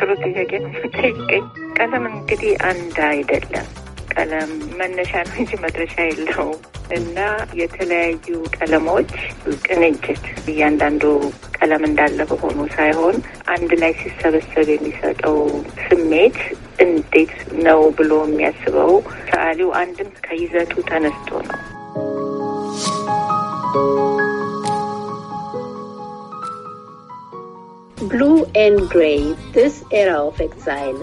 ጥሩ ጥያቄ ጠይቀኝ። ቀለም እንግዲህ አንድ አይደለም። ቀለም መነሻ ነው እንጂ መድረሻ የለው እና የተለያዩ ቀለሞች ቅንጅት እያንዳንዱ ቀለም እንዳለ በሆኑ ሳይሆን አንድ ላይ ሲሰበሰብ የሚሰጠው ስሜት እንዴት ነው ብሎ የሚያስበው ሰዓሊው አንድም ከይዘቱ ተነስቶ Blue ግሬይ Grey ኤራ ኦፍ of Exile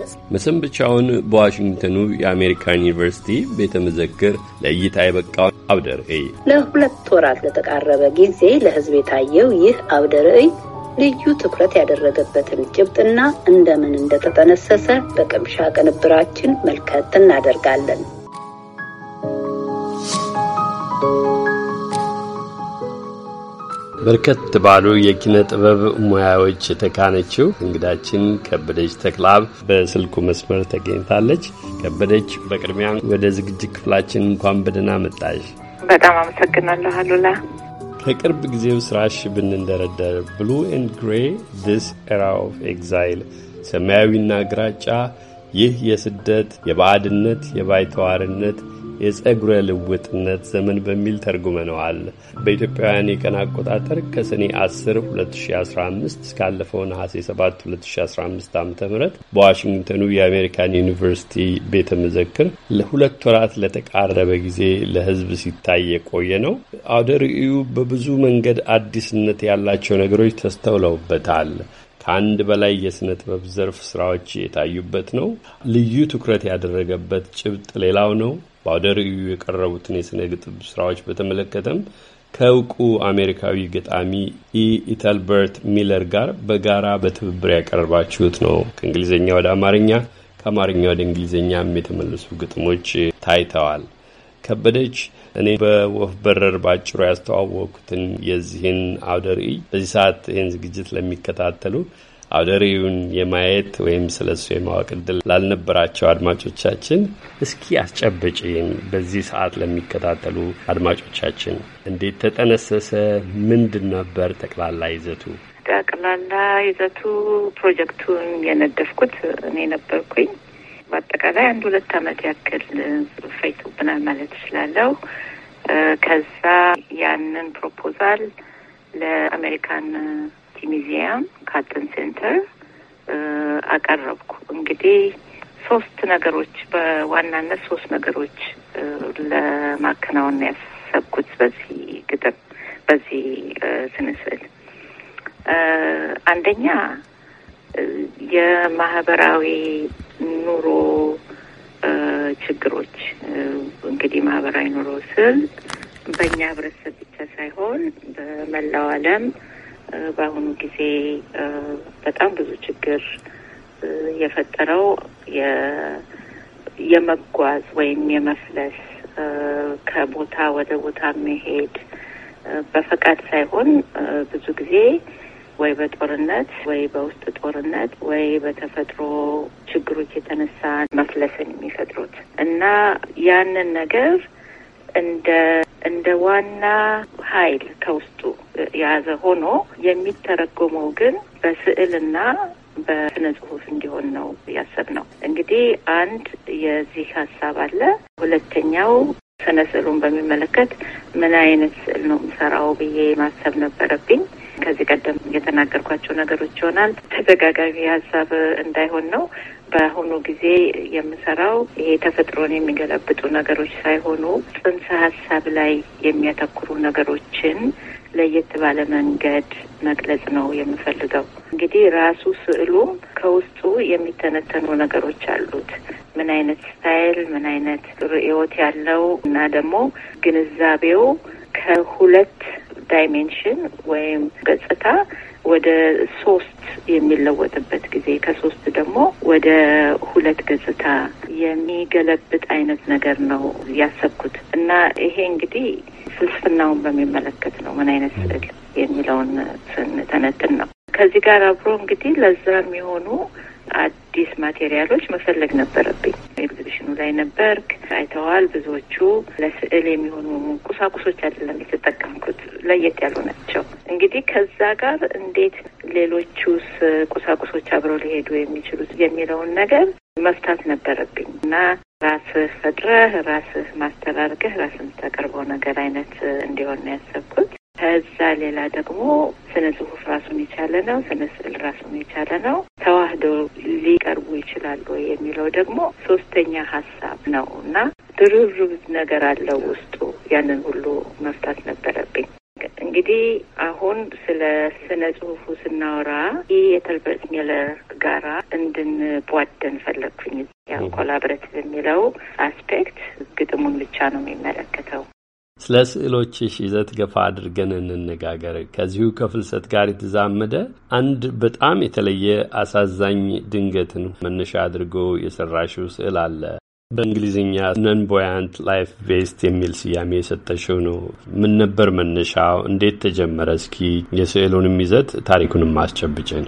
ብቻውን በዋሽንግተኑ የአሜሪካን ዩኒቨርሲቲ ቤተ መዘክር ለእይታ የበቃው አውደ ለሁለት ወራት ለተቃረበ ጊዜ ለህዝብ የታየው ይህ አውደ ልዩ ትኩረት ያደረገበትን ጭብጥና እንደምን እንደተጠነሰሰ በቅምሻ ቅንብራችን መልከት እናደርጋለን። በርከት ባሉ የኪነ ጥበብ ሙያዎች የተካነችው እንግዳችን ከበደች ተክላብ በስልኩ መስመር ተገኝታለች። ከበደች፣ በቅድሚያ ወደ ዝግጅት ክፍላችን እንኳን በደህና መጣሽ። በጣም አመሰግናለሁ አሉላ። ከቅርብ ጊዜው ስራሽ ብንንደረደር ብሉ ኤንድ ግሬ ዲስ ኤራ ኦፍ ኤግዛይል፣ ሰማያዊና ግራጫ፣ ይህ የስደት የባዕድነት የባይተዋርነት የጸጉረ ልውጥነት ዘመን በሚል ተርጉመነዋል። በኢትዮጵያውያን የቀን አቆጣጠር ከሰኔ 10 2015 እስካለፈው ነሐሴ 7 2015 ዓ ም በዋሽንግተኑ የአሜሪካን ዩኒቨርሲቲ ቤተ መዘክር ለሁለት ወራት ለተቃረበ ጊዜ ለሕዝብ ሲታይ የቆየ ነው። አውደ ርዕዩ በብዙ መንገድ አዲስነት ያላቸው ነገሮች ተስተውለውበታል። ከአንድ በላይ የሥነ ጥበብ ዘርፍ ስራዎች የታዩበት ነው። ልዩ ትኩረት ያደረገበት ጭብጥ ሌላው ነው። በአውደ ርዕዩ የቀረቡትን የሥነ ግጥም ስራዎች በተመለከተም ከእውቁ አሜሪካዊ ገጣሚ ኢ ኢተልበርት ሚለር ጋር በጋራ በትብብር ያቀረባችሁት ነው። ከእንግሊዝኛ ወደ አማርኛ፣ ከአማርኛ ወደ እንግሊዝኛም የተመለሱ ግጥሞች ታይተዋል። ከበደች፣ እኔ በወፍ በረር ባጭሩ ያስተዋወቅኩትን የዚህን አውደ ርዕይ በዚህ ሰዓት ይህን ዝግጅት ለሚከታተሉ አውደሪውን የማየት ወይም ስለ እሱ የማወቅ እድል ላልነበራቸው አድማጮቻችን እስኪ አስጨብጭን። በዚህ ሰዓት ለሚከታተሉ አድማጮቻችን እንዴት ተጠነሰሰ? ምንድን ነበር ጠቅላላ ይዘቱ? ጠቅላላ ይዘቱ ፕሮጀክቱን የነደፍኩት እኔ ነበርኩኝ። በአጠቃላይ አንድ ሁለት ዓመት ያክል ፈይቶብናል ማለት እችላለሁ። ከዛ ያንን ፕሮፖዛል ለአሜሪካን ሚዚየም ካርተን ሴንተር አቀረብኩ። እንግዲህ ሶስት ነገሮች በዋናነት ሶስት ነገሮች ለማከናወን ያሰብኩት በዚህ ግጥም በዚህ ስንስል አንደኛ የማህበራዊ ኑሮ ችግሮች እንግዲህ ማህበራዊ ኑሮ ስል በእኛ ህብረተሰብ ብቻ ሳይሆን በመላው ዓለም በአሁኑ ጊዜ በጣም ብዙ ችግር የፈጠረው የመጓዝ ወይም የመፍለስ ከቦታ ወደ ቦታ መሄድ በፈቃድ ሳይሆን ብዙ ጊዜ ወይ በጦርነት ወይ በውስጥ ጦርነት ወይ በተፈጥሮ ችግሮች የተነሳ መፍለስን የሚፈጥሩት እና ያንን ነገር እንደ እንደ ዋና ኃይል ከውስጡ የያዘ ሆኖ የሚተረጎመው ግን በስዕልና በስነ ጽሁፍ እንዲሆን ነው ያሰብ ነው። እንግዲህ አንድ የዚህ ሀሳብ አለ። ሁለተኛው ስነ ስዕሉን በሚመለከት ምን አይነት ስዕል ነው የምሰራው ብዬ ማሰብ ነበረብኝ። ከዚህ ቀደም የተናገርኳቸው ነገሮች ይሆናል ተደጋጋሚ ሀሳብ እንዳይሆን ነው። በአሁኑ ጊዜ የምሰራው ይሄ ተፈጥሮን የሚገለብጡ ነገሮች ሳይሆኑ ጽንሰ ሀሳብ ላይ የሚያተኩሩ ነገሮችን ለየት ባለ መንገድ መግለጽ ነው የምፈልገው። እንግዲህ ራሱ ስዕሉም ከውስጡ የሚተነተኑ ነገሮች አሉት። ምን አይነት ስታይል፣ ምን አይነት ርዕዮት ያለው እና ደግሞ ግንዛቤው ከሁለት ዳይሜንሽን ወይም ገጽታ ወደ ሶስት የሚለወጥበት ጊዜ ከሶስት ደግሞ ወደ ሁለት ገጽታ የሚገለብጥ አይነት ነገር ነው ያሰብኩት እና ይሄ እንግዲህ ፍልስፍናውን በሚመለከት ነው ምን አይነት ስዕል የሚለውን ስንተነትን ነው ከዚህ ጋር አብሮ እንግዲህ ለዛ የሚሆኑ አዳዲስ ማቴሪያሎች መፈለግ ነበረብኝ። ኤግዚቢሽኑ ላይ ነበርክ፣ አይተዋል። ብዙዎቹ ለስዕል የሚሆኑ ቁሳቁሶች አይደለም የተጠቀምኩት፣ ለየት ያሉ ናቸው። እንግዲህ ከዛ ጋር እንዴት ሌሎቹስ ቁሳቁሶች አብረው ሊሄዱ የሚችሉት የሚለውን ነገር መፍታት ነበረብኝ እና ራስህ ፈጥረህ ራስህ ማስተራርገህ ራስህ የምታቀርበው ነገር አይነት እንዲሆን ነው ያሰብኩት። ከዛ ሌላ ደግሞ ስነ ጽሁፍ ራሱን የቻለ ነው። ስነ ስዕል ራሱን የቻለ ነው። ተዋህደው ሊቀርቡ ይችላሉ የሚለው ደግሞ ሶስተኛ ሀሳብ ነው እና ድርብ ነገር አለው ውስጡ። ያንን ሁሉ መፍታት ነበረብኝ። እንግዲህ አሁን ስለ ስነ ጽሁፉ ስናወራ ይህ የተልበርት ሚለር ጋራ እንድንቧደን ፈለግኩኝ። ያው ኮላብረት የሚለው አስፔክት ግጥሙን ብቻ ነው የሚመለከተው ስለ ስዕሎችሽ ይዘት ገፋ አድርገን እንነጋገር። ከዚሁ ከፍልሰት ጋር የተዛመደ አንድ በጣም የተለየ አሳዛኝ ድንገትን መነሻ አድርጎ የሰራሽው ስዕል አለ። በእንግሊዝኛ ነንቦያንት ላይፍ ቬስት የሚል ስያሜ የሰጠሽው ነው። ምን ነበር መነሻው? እንዴት ተጀመረ? እስኪ የስዕሉንም ይዘት ታሪኩንም አስጨብጭን።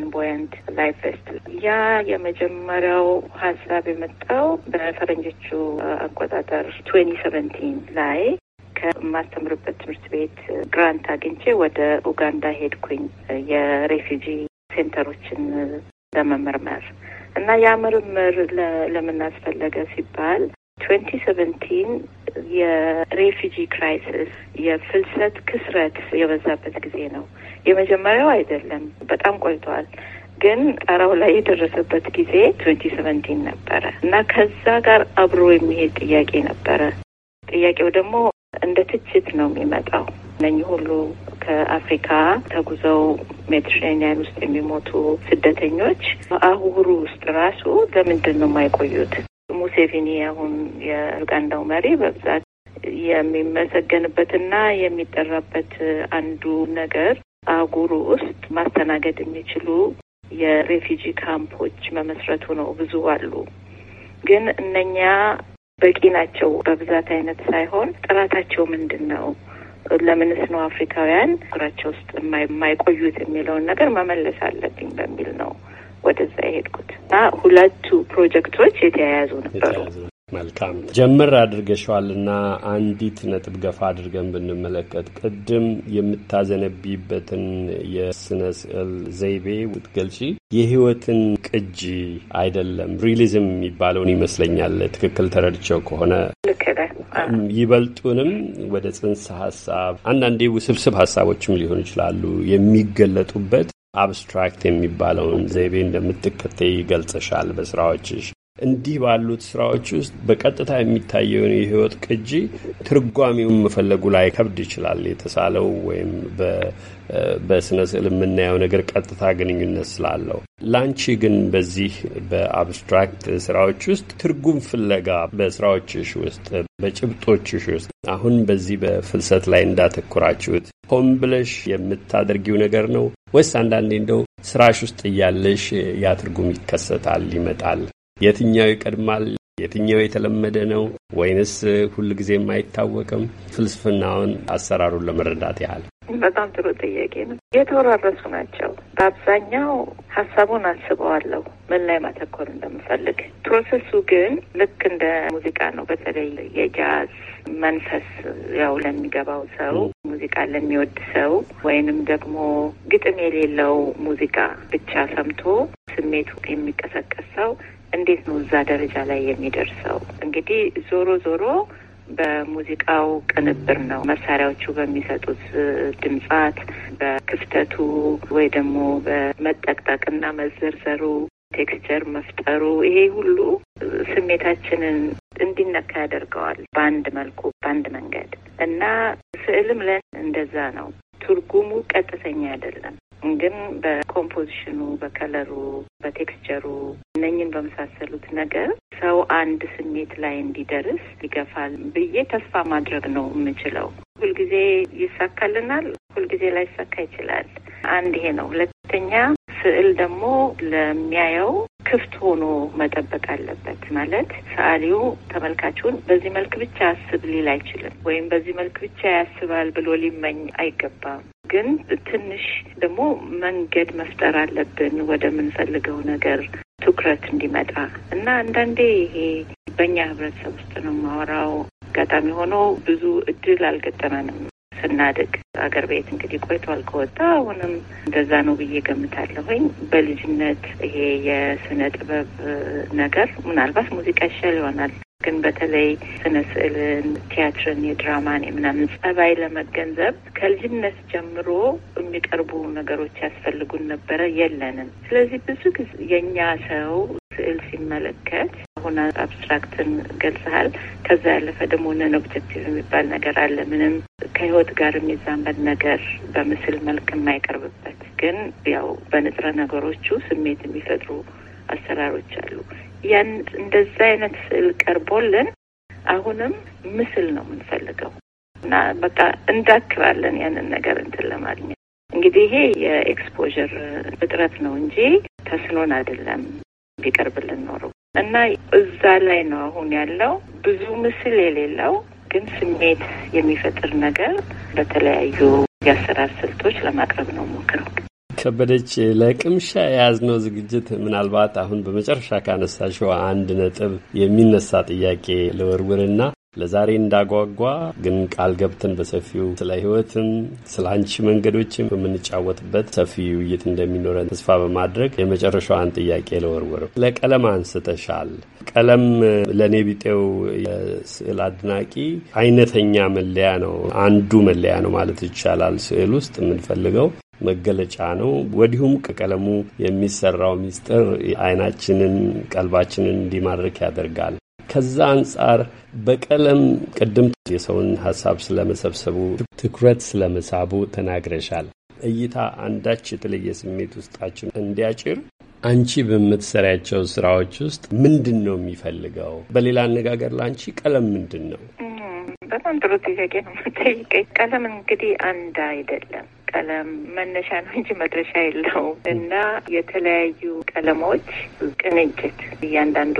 ነው ቦያንት ላይፍ ቬስት ያ የመጀመሪያው ሀሳብ የመጣው በፈረንጆቹ አቆጣጠር ትዌንቲ ሰቨንቲን ላይ ከማስተምርበት ትምህርት ቤት ግራንት አግኝቼ ወደ ኡጋንዳ ሄድኩኝ የሬፊጂ ሴንተሮችን ለመመርመር እና ያ ምርምር ለምን አስፈለገ ሲባል ትዌንቲ ሰቨንቲን የሬፊጂ ክራይሲስ የፍልሰት ክስረት የበዛበት ጊዜ ነው። የመጀመሪያው አይደለም፣ በጣም ቆይቷል። ግን ጣራው ላይ የደረሰበት ጊዜ ትዌንቲ ሰቨንቲን ነበረ እና ከዛ ጋር አብሮ የሚሄድ ጥያቄ ነበረ። ጥያቄው ደግሞ እንደ ትችት ነው የሚመጣው። እነኚህ ሁሉ ከአፍሪካ ተጉዘው ሜዲትሬኒያን ውስጥ የሚሞቱ ስደተኞች አሁሩ ውስጥ ራሱ ለምንድን ነው የማይቆዩት? ሙሴቪኒ አሁን የኡጋንዳው መሪ በብዛት የሚመሰገንበትና የሚጠራበት አንዱ ነገር አህጉሩ ውስጥ ማስተናገድ የሚችሉ የሬፊጂ ካምፖች መመስረቱ ነው። ብዙ አሉ ግን እነኛ በቂ ናቸው በብዛት አይነት ሳይሆን ጥራታቸው ምንድን ነው? ለምንስ ነው አፍሪካውያን እግራቸው ውስጥ የማይቆዩት የሚለውን ነገር መመለስ አለብኝ በሚል ነው ወደዛ የሄድኩት እና ሁለቱ ፕሮጀክቶች የተያያዙ ነበሩ። መልካም ጀምር አድርገሸዋልና አንዲት ነጥብ ገፋ አድርገን ብንመለከት ቅድም የምታዘነቢበትን የስነ ስዕል ዘይቤ ውትገልጪ የህይወትን ቅጂ አይደለም ሪሊዝም የሚባለውን ይመስለኛል። ትክክል ተረድቸው ከሆነ ይበልጡንም ወደ ጽንሰ ሀሳብ አንዳንዴ ውስብስብ ሀሳቦችም ሊሆኑ ይችላሉ የሚገለጡበት አብስትራክት የሚባለውን ዘይቤ እንደምትከተይ ይገልጽሻል በስራዎችሽ። እንዲህ ባሉት ስራዎች ውስጥ በቀጥታ የሚታየውን የህይወት ቅጂ ትርጓሚውን መፈለጉ ላይ ከብድ ይችላል። የተሳለው ወይም በስነ ስዕል የምናየው ነገር ቀጥታ ግንኙነት ስላለው፣ ላንቺ ግን በዚህ በአብስትራክት ስራዎች ውስጥ ትርጉም ፍለጋ በስራዎችሽ ውስጥ በጭብጦችሽ ውስጥ አሁን በዚህ በፍልሰት ላይ እንዳተኩራችሁት ሆን ብለሽ የምታደርጊው ነገር ነው ወይስ አንዳንዴ እንደው ስራሽ ውስጥ እያለሽ ያ ትርጉም ይከሰታል ይመጣል? የትኛው ይቀድማል? የትኛው የተለመደ ነው ወይንስ ጊዜም አይታወቅም? ፍልስፍናውን አሰራሩን ለመረዳት ያህል በጣም ጥሩ ጥያቄ ነው። የተወራረሱ ናቸው። በአብዛኛው ሀሳቡን አስበዋለሁ ምን ላይ ማተኮር እንደምፈልግ። ፕሮሰሱ ግን ልክ እንደ ሙዚቃ ነው። በተለይ የጃዝ መንፈስ ያው ለሚገባው ሰው ሙዚቃ ለሚወድ ሰው ወይንም ደግሞ ግጥም የሌለው ሙዚቃ ብቻ ሰምቶ ስሜቱ የሚቀሰቀስ ሰው እንዴት ነው እዛ ደረጃ ላይ የሚደርሰው? እንግዲህ ዞሮ ዞሮ በሙዚቃው ቅንብር ነው። መሳሪያዎቹ በሚሰጡት ድምጻት፣ በክፍተቱ ወይ ደግሞ በመጠቅጠቅና መዘርዘሩ፣ ቴክስቸር መፍጠሩ፣ ይሄ ሁሉ ስሜታችንን እንዲነካ ያደርገዋል። በአንድ መልኩ በአንድ መንገድ እና ስዕልም ለን እንደዛ ነው። ትርጉሙ ቀጥተኛ አይደለም። ግን በኮምፖዚሽኑ፣ በከለሩ፣ በቴክስቸሩ እነኝን በመሳሰሉት ነገር ሰው አንድ ስሜት ላይ እንዲደርስ ይገፋል ብዬ ተስፋ ማድረግ ነው የምችለው። ሁልጊዜ ይሳካልናል፣ ሁልጊዜ ላይሳካ ይችላል። አንድ ይሄ ነው። ሁለተኛ ስዕል ደግሞ ለሚያየው ክፍት ሆኖ መጠበቅ አለበት። ማለት ሰዓሊው ተመልካቹን በዚህ መልክ ብቻ አስብ ሊል አይችልም፣ ወይም በዚህ መልክ ብቻ ያስባል ብሎ ሊመኝ አይገባም። ግን ትንሽ ደግሞ መንገድ መፍጠር አለብን ወደምንፈልገው ነገር ትኩረት እንዲመጣ እና አንዳንዴ ይሄ በእኛ ህብረተሰብ ውስጥ ነው የማወራው። አጋጣሚ ሆኖ ብዙ እድል አልገጠመንም። ስናድግ አገር ቤት እንግዲህ ቆይቷል ከወጣ አሁንም እንደዛ ነው ብዬ ገምታለሁኝ። በልጅነት ይሄ የስነ ጥበብ ነገር ምናልባት ሙዚቃ ይሻል ይሆናል ግን በተለይ ስነ ስዕልን፣ ቲያትርን፣ የድራማን የምናምን ጸባይ ለመገንዘብ ከልጅነት ጀምሮ የሚቀርቡ ነገሮች ያስፈልጉን ነበረ፣ የለንም። ስለዚህ ብዙ ጊዜ የእኛ ሰው ስዕል ሲመለከት ሆነ አብስትራክትን ገልጸሃል። ከዛ ያለፈ ደግሞ ነን ኦብጀክቲቭ የሚባል ነገር አለ። ምንም ከህይወት ጋር የሚዛመድ ነገር በምስል መልክ የማይቀርብበት ግን ያው በንጥረ ነገሮቹ ስሜት የሚፈጥሩ አሰራሮች አሉ። ያን እንደዛ አይነት ስዕል ቀርቦልን አሁንም ምስል ነው የምንፈልገው እና በቃ እንዳክራለን ያንን ነገር እንትን ለማግኘት እንግዲህ ይሄ የኤክስፖዥር እጥረት ነው እንጂ ተስኖን አይደለም ቢቀርብልን ኖሮ እና እዛ ላይ ነው አሁን ያለው ብዙ ምስል የሌለው ግን ስሜት የሚፈጥር ነገር በተለያዩ የአሰራር ስልቶች ለማቅረብ ነው ሞክረው። ከበደች ለቅምሻ የያዝነው ዝግጅት ምናልባት አሁን በመጨረሻ ካነሳሽው አንድ ነጥብ የሚነሳ ጥያቄ ልወርውርና ለዛሬ እንዳጓጓ ግን ቃል ገብተን በሰፊው ስለ ህይወትም ስለ አንቺ መንገዶችም የምንጫወትበት ሰፊ ውይይት እንደሚኖረን ተስፋ በማድረግ የመጨረሻዋን ጥያቄ ለወርወረው ለቀለም አንስተሻል። ቀለም ለእኔ ቢጤው የስዕል አድናቂ አይነተኛ መለያ ነው፣ አንዱ መለያ ነው ማለት ይቻላል። ስዕል ውስጥ የምንፈልገው መገለጫ ነው። ወዲሁም ከቀለሙ የሚሰራው ሚስጥር አይናችንን ቀልባችንን እንዲማርክ ያደርጋል። ከዛ አንጻር በቀለም ቅድም የሰውን ሀሳብ ስለመሰብሰቡ ትኩረት ስለመሳቡ ተናግረሻል። እይታ አንዳች የተለየ ስሜት ውስጣችን እንዲያጭር አንቺ በምትሰሪያቸው ስራዎች ውስጥ ምንድን ነው የሚፈልገው? በሌላ አነጋገር ለአንቺ ቀለም ምንድን ነው? በጣም ጥሩ ጥያቄ ነው የምጠይቀኝ። ቀለም እንግዲህ አንድ አይደለም። ቀለም መነሻ ነው እንጂ መድረሻ የለውም እና የተለያዩ ቀለሞች ቅንጅት እያንዳንዱ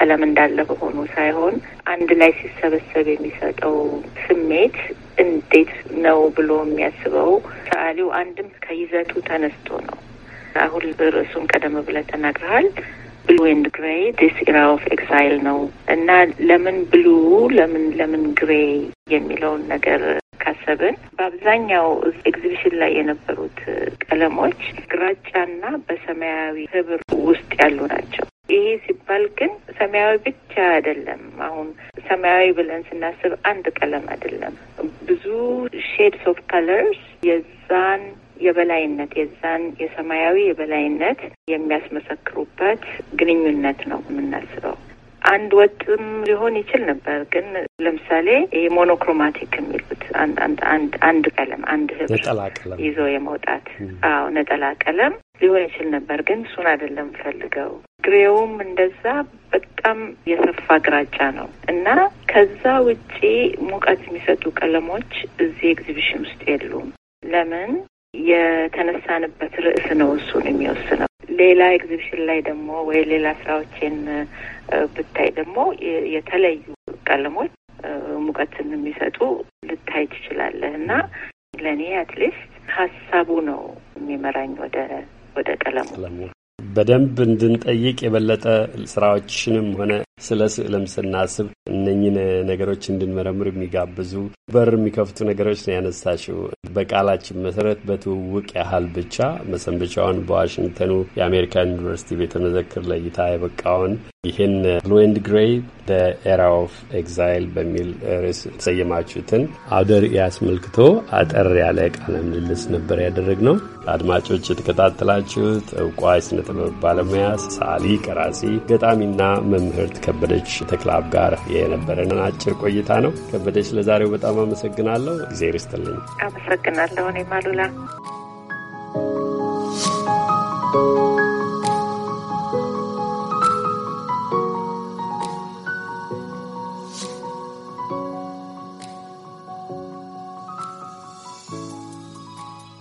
ቀለም እንዳለ በሆኑ ሳይሆን አንድ ላይ ሲሰበሰብ የሚሰጠው ስሜት እንዴት ነው ብሎ የሚያስበው ሰዓሊው አንድም ከይዘቱ ተነስቶ ነው። አሁን ርዕሱን ቀደም ብለህ ተናግረሃል። ብሉ ኤንድ ግሬ ዲስ ኢራ ኦፍ ኤግዛይል ነው እና ለምን ብሉ ለምን ለምን ግሬ የሚለውን ነገር ካሰብን በአብዛኛው ኤግዚቢሽን ላይ የነበሩት ቀለሞች ግራጫና በሰማያዊ ህብር ውስጥ ያሉ ናቸው። ይሄ ሲባል ግን ሰማያዊ ብቻ አይደለም። አሁን ሰማያዊ ብለን ስናስብ አንድ ቀለም አይደለም። ብዙ ሼድስ ኦፍ ከለርስ የዛን የበላይነት የዛን የሰማያዊ የበላይነት የሚያስመሰክሩበት ግንኙነት ነው የምናስበው። አንድ ወጥም ሊሆን ይችል ነበር። ግን ለምሳሌ ሞኖክሮማቲክ የሚሉት አንድ ቀለም አንድ ህብር ይዞ የመውጣት አዎ፣ ነጠላ ቀለም ሊሆን ይችል ነበር። ግን እሱን አይደለም ፈልገው ግሬውም እንደዛ በጣም የሰፋ ግራጫ ነው እና ከዛ ውጪ ሙቀት የሚሰጡ ቀለሞች እዚህ ኤግዚቢሽን ውስጥ የሉም። ለምን የተነሳንበት ርዕስ ነው እሱን የሚወስነው። ሌላ ኤግዚቢሽን ላይ ደግሞ ወይ ሌላ ስራዎቼን ብታይ ደግሞ የተለዩ ቀለሞች ሙቀትን የሚሰጡ ልታይ ትችላለህ እና ለእኔ አትሊስት ሀሳቡ ነው የሚመራኝ ወደ ወደ ቀለሙ በደንብ እንድንጠይቅ የበለጠ ስራዎችንም ሆነ ስለ ስዕልም ስናስብ እነኝን ነገሮች እንድንመረምር የሚጋብዙ በር የሚከፍቱ ነገሮች ነው ያነሳሽው። በቃላችን መሰረት በትውውቅ ያህል ብቻ መሰንበቻውን በዋሽንግተኑ የአሜሪካን ዩኒቨርሲቲ ቤተ መዘክር ለእይታ የበቃውን ይህን ፍሉዌንድ ግሬይ ኤራ ኦፍ ኤግዛይል በሚል ርዕስ የተሰየማችሁትን አውደ ርዕይ አስመልክቶ አጠር ያለ ቃለ ምልልስ ነበር ያደረግነው። አድማጮች የተከታተላችሁት እውቋ የስነ ጥበብ ባለሙያ ሰዓሊ፣ ቀራሲ፣ ገጣሚና መምህርት ከበደች ተክላብ ጋር የነበረንን አጭር ቆይታ ነው። ከበደች ለዛሬው በጣም አመሰግናለሁ። እግዜር ርስትልኝ አመሰግናለሁ። እኔም አሉላ